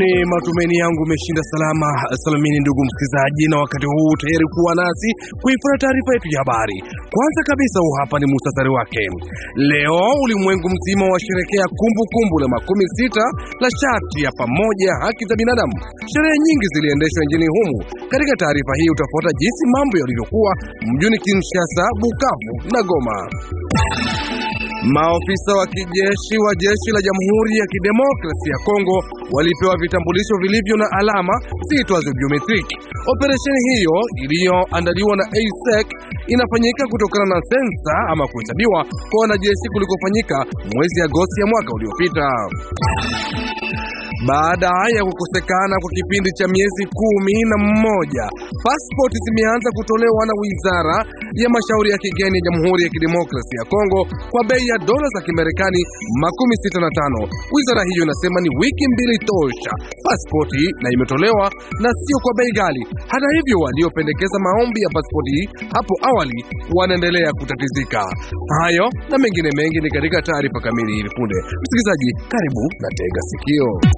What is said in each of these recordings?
Ni matumaini yangu umeshinda salama salamini, ndugu msikilizaji, na wakati huu tayari kuwa nasi kuifuata taarifa yetu ya habari. Kwanza kabisa, huu hapa ni muhtasari wake. Leo ulimwengu mzima washerekea kumbukumbu la makumi sita la shati ya pamoja ya haki za binadamu. Sherehe nyingi ziliendeshwa nchini humu. Katika taarifa hii utafuata jinsi mambo yalivyokuwa mjini Kinshasa, Bukavu na Goma. Maofisa wa kijeshi wa jeshi la Jamhuri ya Kidemokrasia ya Kongo walipewa vitambulisho vilivyo na alama ziitwazo biometriki. Operesheni hiyo iliyoandaliwa na ASEC inafanyika kutokana na sensa ama kuhesabiwa kwa wanajeshi kulikofanyika mwezi Agosti ya mwaka uliopita. Baada ya kukosekana kwa kipindi cha miezi kumi na mmoja, pasipoti zimeanza kutolewa na Wizara ya Mashauri ya Kigeni ya Jamhuri ya Kidemokrasia ya Kongo kwa bei ya dola za Kimarekani makumi sita na tano. Wizara hiyo inasema ni wiki mbili tosha pasipoti na imetolewa na sio kwa bei ghali. Hata hivyo, waliopendekeza maombi ya pasipoti hapo awali wanaendelea kutatizika. Hayo na mengine mengi ni katika taarifa kamili hivi punde. Msikilizaji, karibu na tega sikio.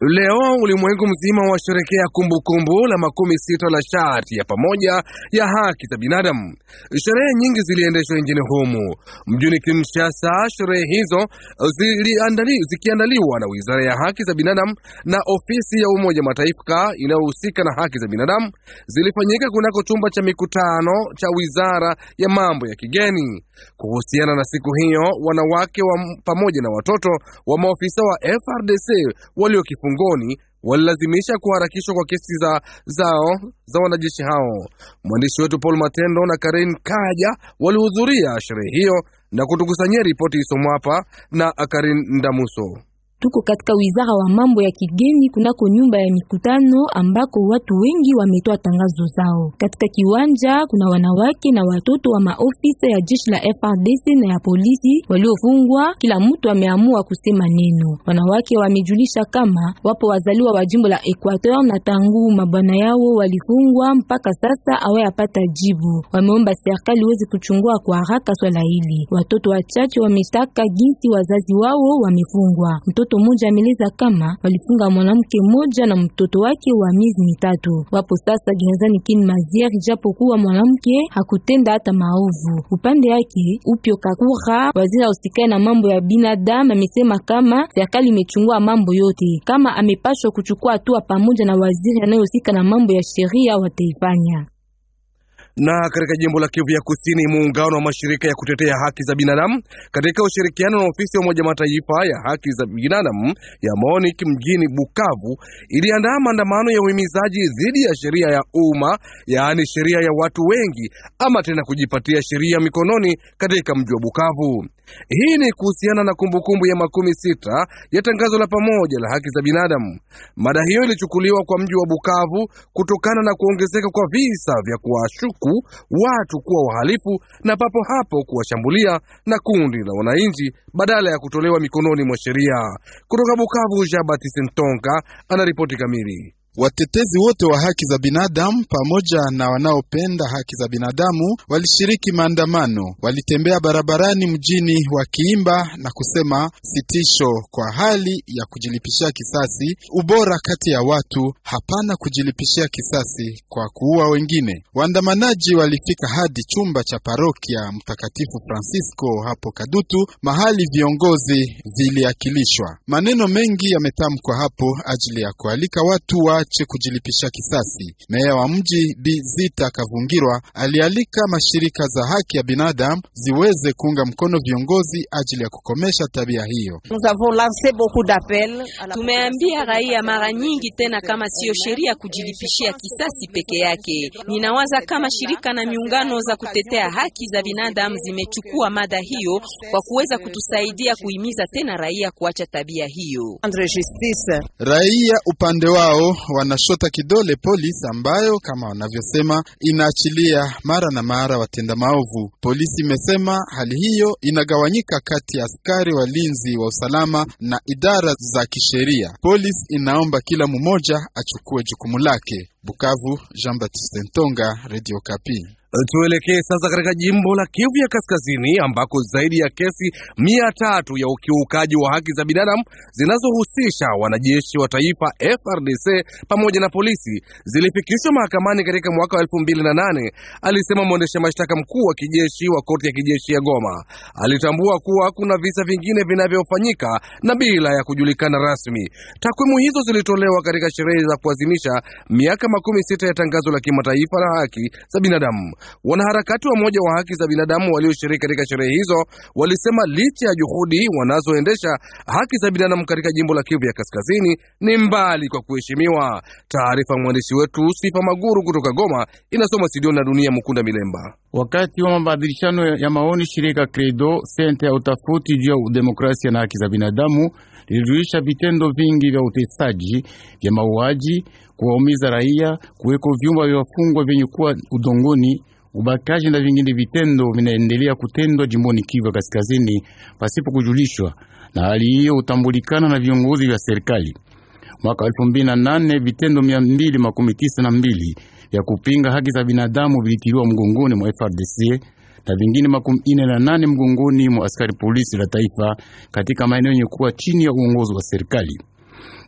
Leo ulimwengu mzima washerekea kumbukumbu la makumi sita la shati ya pamoja ya haki za binadamu. Sherehe nyingi ziliendeshwa nchini humu. Mjini Kinshasa, sherehe hizo ziliandali, zikiandaliwa na wizara ya haki za binadamu na ofisi ya Umoja Mataifa inayohusika na haki za binadamu, zilifanyika kunako chumba cha mikutano cha wizara ya mambo ya kigeni. Kuhusiana na siku hiyo, wanawake wa pamoja na watoto wa maofisa wa FRDC walio kifungoni walilazimisha kuharakishwa kwa kesi za, zao za wanajeshi hao. Mwandishi wetu Paul Matendo na Karen Kaja walihudhuria sherehe hiyo na kutukusanyia ripoti hapa na Karin Ndamuso. Tuko katika wizara wa mambo ya kigeni kunako nyumba ya mikutano ambako watu wengi wametoa tangazo zao. Katika kiwanja kuna wanawake na watoto wa maofisa ya jeshi la FRDC na ya polisi waliofungwa, kila mtu ameamua kusema neno. Wanawake wamejulisha kama wapo wazaliwa wa jimbo la Equateur na tangu mabwana yao walifungwa mpaka sasa hawayapata jibu. Wameomba serikali iweze kuchungua kwa haraka swala hili. Watoto wachache wametaka jinsi wazazi wao wamefungwa. Mtoto mtoto mmoja ameleza kama walifunga mwanamke mmoja na mtoto wake wa miezi mitatu, wapo sasa gerezani Kin Maziari, japo kuwa mwanamke hakutenda hata maovu. Upande yake Upyo Kakura, waziri usikae na mambo ya binadamu, amesema kama serikali imechungua mambo yote, kama amepashwa kuchukua hatua pamoja na waziri anayehusika na mambo ya sheria wataifanya. Na katika jimbo la Kivu ya Kusini, muungano wa mashirika ya kutetea haki za binadamu katika ushirikiano na ofisi ya Umoja Mataifa ya haki za binadamu ya MONUC mjini Bukavu iliandaa maandamano ya uhimizaji dhidi ya sheria ya umma, yaani sheria ya watu wengi, ama tena kujipatia sheria mikononi katika mji wa Bukavu. Hii ni kuhusiana na kumbukumbu ya makumi sita ya tangazo la pamoja la haki za binadamu. Mada hiyo ilichukuliwa kwa mji wa Bukavu kutokana na kuongezeka kwa visa vya kuwashuku huku watu kuwa wahalifu na papo hapo kuwashambulia na kundi la wananchi badala ya kutolewa mikononi mwa sheria. Kutoka Bukavu, Jean Baptiste Ntonga anaripoti kamili. Watetezi wote wa haki za binadamu pamoja na wanaopenda haki za binadamu walishiriki maandamano, walitembea barabarani mjini wakiimba na kusema sitisho kwa hali ya kujilipishia kisasi, ubora kati ya watu, hapana kujilipishia kisasi kwa kuua wengine. Waandamanaji walifika hadi chumba cha parokia Mtakatifu Francisco hapo Kadutu, mahali viongozi viliakilishwa. Maneno mengi yametamkwa hapo ajili ya kualika watu wa waache kujilipisha kisasi. Meya wa mji Bi Zita Kavungirwa alialika mashirika za haki ya binadamu ziweze kuunga mkono viongozi ajili ya kukomesha tabia hiyo. Tumeambia raia mara nyingi tena, kama siyo sheria kujilipishia kisasi peke yake. Ninawaza kama shirika na miungano za kutetea haki za binadamu zimechukua mada hiyo kwa kuweza kutusaidia kuhimiza tena raia kuacha tabia hiyo. Raia upande wao wanashota kidole polisi ambayo kama wanavyosema inaachilia mara na mara watenda maovu. Polisi imesema hali hiyo inagawanyika kati ya askari walinzi wa usalama na idara za kisheria. Polisi inaomba kila mmoja achukue jukumu lake. Bukavu, Jean Baptiste Ntonga, Radio Kapi. Tuelekee sasa katika jimbo la Kivu ya Kaskazini ambako zaidi ya kesi mia tatu ya ukiukaji wa haki za binadamu zinazohusisha wanajeshi wa taifa FRDC pamoja na polisi zilifikishwa mahakamani katika mwaka wa elfu mbili na nane, alisema mwendesha mashtaka mkuu wa kijeshi wa korti ya kijeshi ya Goma. Alitambua kuwa kuna visa vingine vinavyofanyika na bila ya kujulikana rasmi. Takwimu hizo zilitolewa katika sherehe za kuadhimisha miaka makumi sita ya tangazo la kimataifa la haki za binadamu. Wanaharakati wa moja wa haki za binadamu walioshiriki katika sherehe hizo walisema licha ya juhudi wanazoendesha, haki za binadamu katika jimbo la Kivu ya Kaskazini ni mbali kwa kuheshimiwa. Taarifa ya mwandishi wetu Sifa Maguru kutoka Goma inasoma Sidioni na Dunia Mukunda Milemba. Wakati wa mabadilishano ya maoni, shirika Credo, sente ya utafuti juu ya demokrasia na haki za binadamu, lilijulisha vitendo vingi vya utesaji, vya mauaji, kuwaumiza raia, kuweko vyumba vya wafungwa vyenye kuwa udongoni ubakaji na vingine vitendo vinaendelea kutendwa jimboni Kivu Kaskazini pasipo kujulishwa, na hali hiyo hutambulikana na viongozi vya serikali. Mwaka nane vitendo 292 vya kupinga haki za binadamu vilitiliwa mgongoni mwa FRDC na vingine makumi ine na nane mgongoni mwa askari polisi la taifa katika maeneo yenye kuwa chini ya uongozi wa serikali.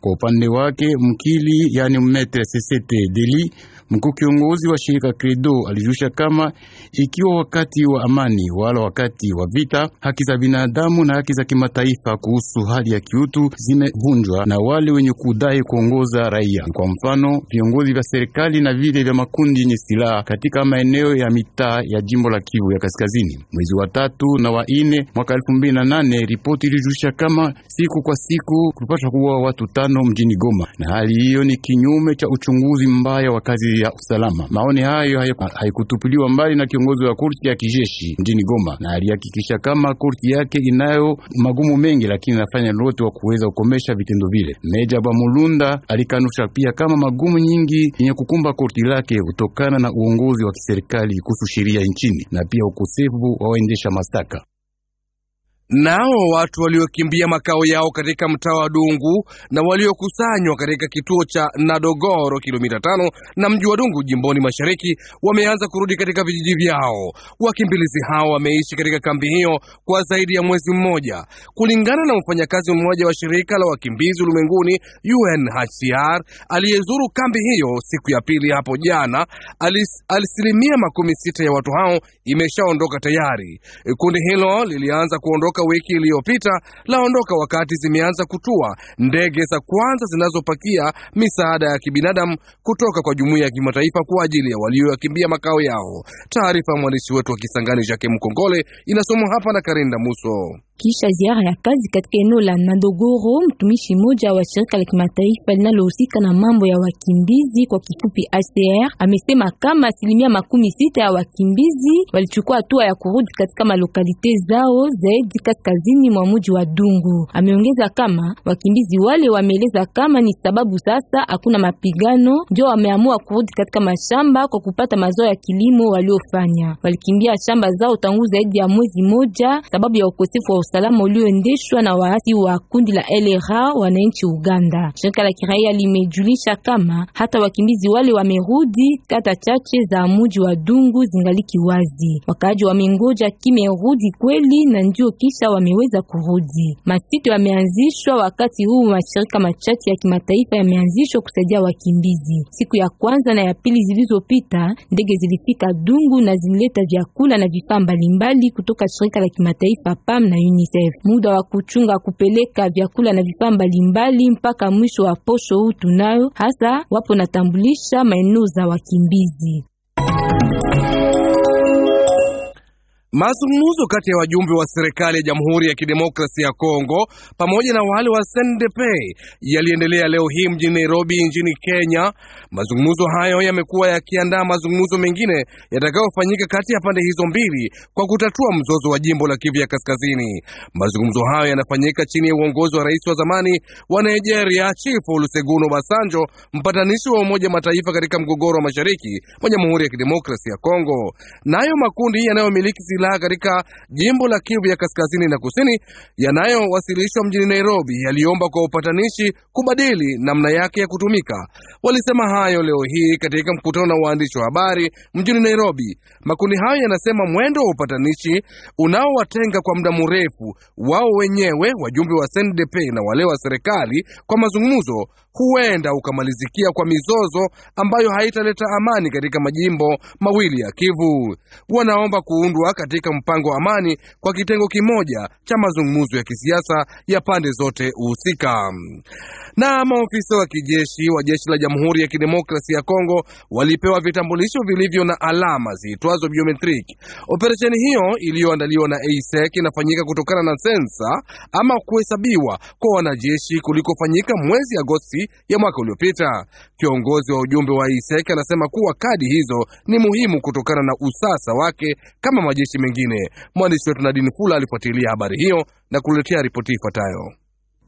Kwa upande wake mkili, yani mmetre Sesete Deli Mkuu kiongozi wa shirika Credo alijulisha kama ikiwa wakati wa amani wala wakati wa vita, haki za binadamu na haki za kimataifa kuhusu hali ya kiutu zimevunjwa na wale wenye kudai kuongoza raia, kwa mfano viongozi vya serikali na vile vya makundi yenye silaha katika maeneo ya mitaa ya jimbo la Kivu ya Kaskazini. Mwezi wa tatu na wa ine mwaka elfu mbili na nane ripoti ilijulisha kama siku kwa siku kulipaswa kuwa watu tano mjini Goma, na hali hiyo ni kinyume cha uchunguzi mbaya wa kazi ya usalama. Maoni hayo haikutupiliwa mbali na kiongozi wa korti ya kijeshi mjini Goma, na alihakikisha kama korti yake inayo magumu mengi, lakini nafanya lolote wa kuweza kukomesha vitendo vile. Meja Bamulunda alikanusha pia kama magumu nyingi yenye kukumba korti lake kutokana na uongozi wa kiserikali kuhusu sheria nchini na pia ukosefu wa waendesha mashtaka. Nao watu waliokimbia makao yao katika mtaa wa Dungu na waliokusanywa katika kituo cha Nadogoro, kilomita tano na mji wa Dungu jimboni mashariki, wameanza kurudi katika vijiji vyao. Wakimbilizi hao wameishi katika kambi hiyo kwa zaidi ya mwezi mmoja, kulingana na mfanyakazi mmoja wa shirika la wakimbizi ulimwenguni UNHCR aliyezuru kambi hiyo siku ya pili hapo jana. Alis, asilimia makumi sita ya watu hao imeshaondoka tayari. Kundi hilo lilianza kuondoka toka wiki iliyopita laondoka wakati zimeanza kutua ndege za kwanza zinazopakia misaada ya kibinadamu kutoka kwa jumuiya ya kimataifa kwa ajili ya waliokimbia makao yao. Taarifa ya mwandishi wetu wa Kisangani Jake Mkongole inasomwa hapa na Karinda Muso. Kisha ziara ya kazi katika eneo la Nadogoro, mtumishi mmoja wa shirika la kimataifa linalohusika na mambo ya wakimbizi kwa kifupi HCR, amesema kama asilimia makumi sita ya wakimbizi walichukua hatua ya kurudi katika malokalite zao zaidi kaskazini mwa mji wa Dungu. Ameongeza kama wakimbizi wale wameeleza kama ni sababu sasa hakuna mapigano, ndio wameamua kurudi katika mashamba kwa kupata mazao ya kilimo waliofanya. Walikimbia shamba zao tangu zaidi ya mwezi moja sababu ya ukosefu wa usalama ulioendeshwa na waasi wa kundi la LRA wananchi Uganda. Shirika la kiraia limejulisha kama hata wakimbizi wale wamerudi, kata chache za muji wa Dungu zingaliki wazi. Wakaaji wamengoja kimerudi kweli, na ndio kisha wameweza kurudi. Masito yameanzishwa wakati huu, mashirika machache ya kimataifa yameanzishwa kusaidia wakimbizi. Siku ya kwanza na ya pili zilizopita, ndege zilifika Dungu na zilileta vyakula na vifaa mbalimbali kutoka shirika la kimataifa PAM na UNICEF. UNICEF. Muda wa kuchunga kupeleka vyakula na vifaa mbalimbali mpaka mwisho wa posho huu tunayo, hasa wapo natambulisha maeneo za wakimbizi. Mazungumzo kati ya wajumbe wa serikali ya Jamhuri ya Kidemokrasia ya Kongo pamoja na wale wa SNDP yaliendelea leo hii mjini Nairobi nchini Kenya. Mazungumzo hayo yamekuwa yakiandaa mazungumzo mengine yatakayofanyika kati ya pande hizo mbili kwa kutatua mzozo wa jimbo la Kivu ya Kaskazini. Mazungumzo hayo yanafanyika chini ya uongozi wa rais wa zamani wa Nigeria, Chief Olusegun Obasanjo, mpatanishi wa Umoja Mataifa katika mgogoro wa mashariki mwa Jamhuri ya Kidemokrasia ya Kongo. Nayo makundi yanayomiliki silaha katika jimbo la Kivu ya kaskazini na kusini yanayowasilishwa mjini Nairobi yaliomba kwa upatanishi kubadili namna yake ya kutumika. Walisema hayo leo hii katika mkutano na waandishi wa habari mjini Nairobi. Makundi hayo yanasema mwendo wa upatanishi unaowatenga kwa muda mrefu wao wenyewe wajumbe wa SNDP na wale wa serikali kwa mazungumzo huenda ukamalizikia kwa mizozo ambayo haitaleta amani katika majimbo mawili ya Kivu. Wanaomba kuundwa katika mpango wa amani kwa kitengo kimoja cha mazungumzo ya kisiasa ya pande zote husika. Na maofisa wa kijeshi wa jeshi la Jamhuri ya Kidemokrasia ya Kongo walipewa vitambulisho vilivyo na alama ziitwazo biometric. Operesheni hiyo iliyoandaliwa na ASEC inafanyika kutokana na sensa ama kuhesabiwa kwa wanajeshi kulikofanyika mwezi Agosti ya mwaka uliopita. Kiongozi wa ujumbe wa ASEC anasema kuwa kadi hizo ni muhimu kutokana na usasa wake kama majeshi mengine. Mwandishi wetu Nadini Fula alifuatilia habari hiyo na kuletea ripoti ifuatayo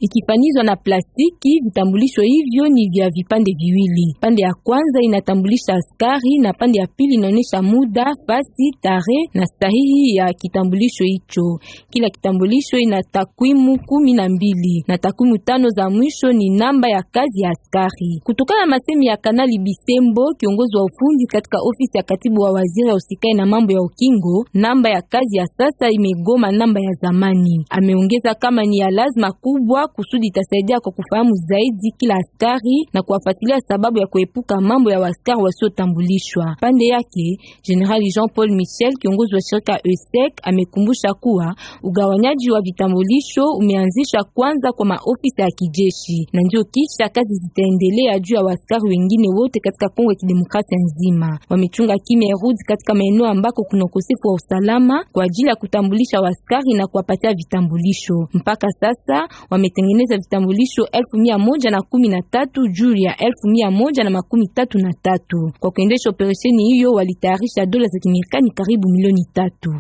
ikifanizwa na plastiki. Vitambulisho hivyo ni vya vipande viwili, pande ya kwanza inatambulisha askari na pande ya pili inaonyesha muda, fasi, tarehe na sahihi ya kitambulisho hicho. Kila kitambulisho ina takwimu kumi na mbili na takwimu tano za mwisho ni namba ya kazi ya askari. Kutokana na masemi ya Kanali Bisembo, kiongozi wa ufundi katika ofisi ya katibu wa waziri wa usikai na mambo ya ukingo, namba ya kazi ya sasa imegoma namba ya zamani. Ameongeza kama ni ya lazima kubwa kusudi itasaidia kwa kufahamu zaidi kila askari na kuwafuatilia sababu ya kuepuka mambo ya waaskari wasiotambulishwa. Pande yake, Generali Jean-Paul Michel, kiongozi wa shirika ESEC, amekumbusha kuwa ugawanyaji wa vitambulisho umeanzisha kwanza kwa maofisa ya kijeshi na ndio kisha kazi zitaendelea juu ya waskari wengine wote katika Kongo ya Kidemokrasia nzima. Wamechunga kimya erudi katika maeneo ambako kuna ukosefu wa usalama kwa ajili ya kutambulisha waskari na kuwapatia vitambulisho. Mpaka sasa wame kutengeneza vitambulisho elfu mia moja na kumi na tatu juu ya elfu mia moja na makumi tatu na tatu. Kwa kuendesha operesheni hiyo walitayarisha dola za Kimarekani karibu milioni tatu.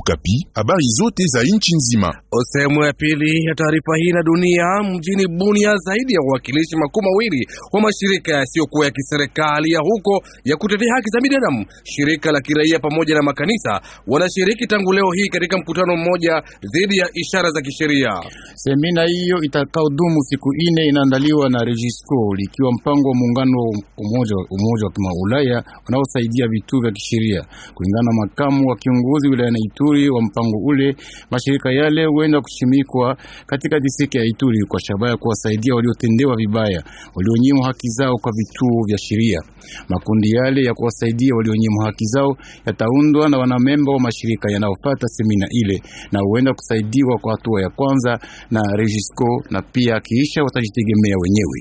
Okapi. Habari zote za nchi nzima. Sehemu ya pili ya taarifa hii na dunia, mjini Bunia, zaidi ya wawakilishi makumi mawili wa mashirika yasiyokuwa ya kiserikali ya huko ya kutetea haki za binadamu, shirika la kiraia pamoja na makanisa wanashiriki tangu leo hii katika mkutano mmoja dhidi ya ishara za kisheria. Semina hiyo itakaodumu siku ine inaandaliwa na Regisco likiwa mpango wa muungano wa umoja umoja wa Ulaya unaosaidia vituo vya kisheria kulingana na makamu wa kiongozi wilayani Ituri mzuri wa mpango ule, mashirika yale huenda kushimikwa katika distriki ya Ituri kwa shabaha ya kuwasaidia waliotendewa vibaya, walionyimwa haki zao kwa vituo vya sheria. Makundi yale ya kuwasaidia walionyimwa haki zao yataundwa na wanamemba wa mashirika yanayofuata semina ile na huenda kusaidiwa kwa hatua ya kwanza na Regisco, na pia kiisha watajitegemea wenyewe.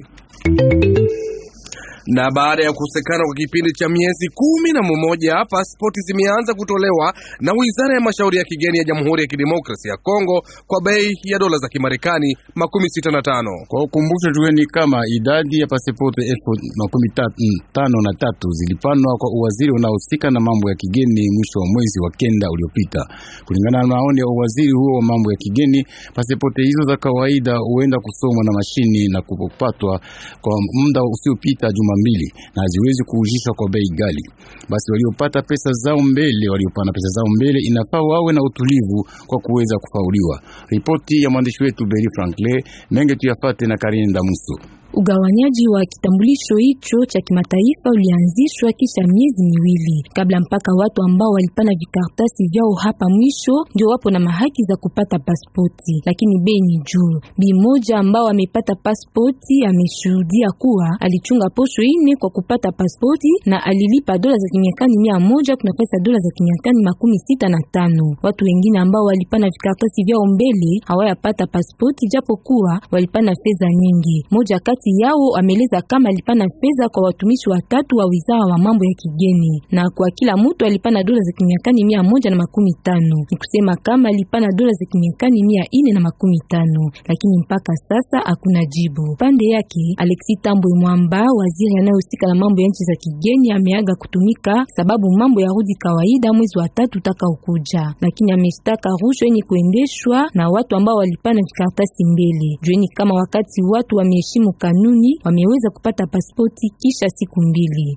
Na baada ya kukosekana kwa kipindi cha miezi kumi na mmoja, pasipoti zimeanza kutolewa na Wizara ya Mashauri ya Kigeni ya Jamhuri ya kidemokrasi ya Kongo kwa bei ya dola za Kimarekani makumi sita na tano. Kwa ukumbusho tuweni kama idadi ya pasipoti elfu makumi mm, tano na tatu zilipanwa kwa uwaziri unaohusika na mambo ya kigeni mwisho wa mwezi wa kenda uliopita. Kulingana na maoni ya uwaziri huo wa mambo ya kigeni, pasipoti hizo za kawaida huenda kusomwa na mashini na kupatwa kwa muda usiopita juma mbili na haziwezi kuujishwa kwa bei ghali. Basi waliopata pesa zao mbele, waliopana pesa zao mbele, inafaa wawe na utulivu kwa kuweza kufauliwa. Ripoti ya mwandishi wetu Beri Franklin, menge tuyafate na Karine Damuso. Ugawanyaji wa kitambulisho hicho cha kimataifa ulianzishwa kisha miezi miwili kabla, mpaka watu ambao walipana vikartasi vyao hapa mwisho ndio wapo na mahaki za kupata pasipoti, lakini bei ni juu. Bi moja ambao amepata pasipoti ameshuhudia kuwa alichunga posho ine kwa kupata pasipoti na alilipa dola za kimiakani mia moja kuna pesa dola za kimiakani makumi sita na tano. Watu wengine ambao walipana vikartasi vyao mbele hawayapata pasipoti japo kuwa walipana fedha nyingi. Moja kati ofisi yao ameleza kama alipana pesa kwa watumishi watatu wa wizara wa mambo ya kigeni, na kwa kila mtu alipana dola za kimiakani mia moja na makumi tano. Ni kusema kama alipana dola za kimiakani mia ine na makumi tano, lakini mpaka sasa hakuna jibu pande yake. Alexi Tambwe Mwamba, waziri anayehusika na mambo ya nchi za kigeni, ameaga kutumika sababu mambo ya rudi kawaida mwezi wa tatu ukuja lakini ameshtaka rushwa yenye kuendeshwa na watu ambao walipana vikaratasi mbele. Jueni kama wakati watu wameheshimu kanuni wameweza kupata pasipoti kisha siku mbili.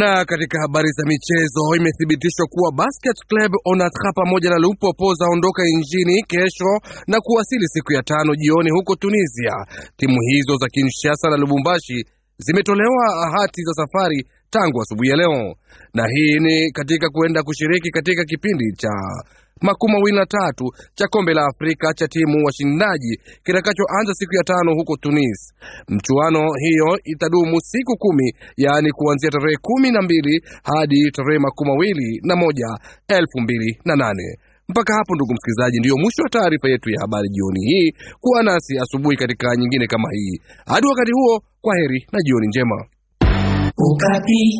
Na katika habari za michezo, imethibitishwa kuwa Basket Club Onatra pamoja na Lupopo zaondoka nchini kesho na kuwasili siku ya tano jioni huko Tunisia. Timu hizo za Kinshasa na Lubumbashi zimetolewa hati za safari tangu asubuhi ya leo, na hii ni katika kuenda kushiriki katika kipindi cha makumi mawili na tatu cha kombe la Afrika cha timu washindaji kitakachoanza siku ya tano huko Tunis. Mchuano hiyo itadumu siku kumi, yaani kuanzia tarehe kumi na mbili hadi tarehe makumi mawili na moja elfu mbili na nane. Mpaka hapo ndugu msikilizaji, ndiyo mwisho wa taarifa yetu ya habari jioni hii. Kuwa nasi asubuhi katika nyingine kama hii. Hadi wakati huo, kwa heri na jioni njema. Ukati.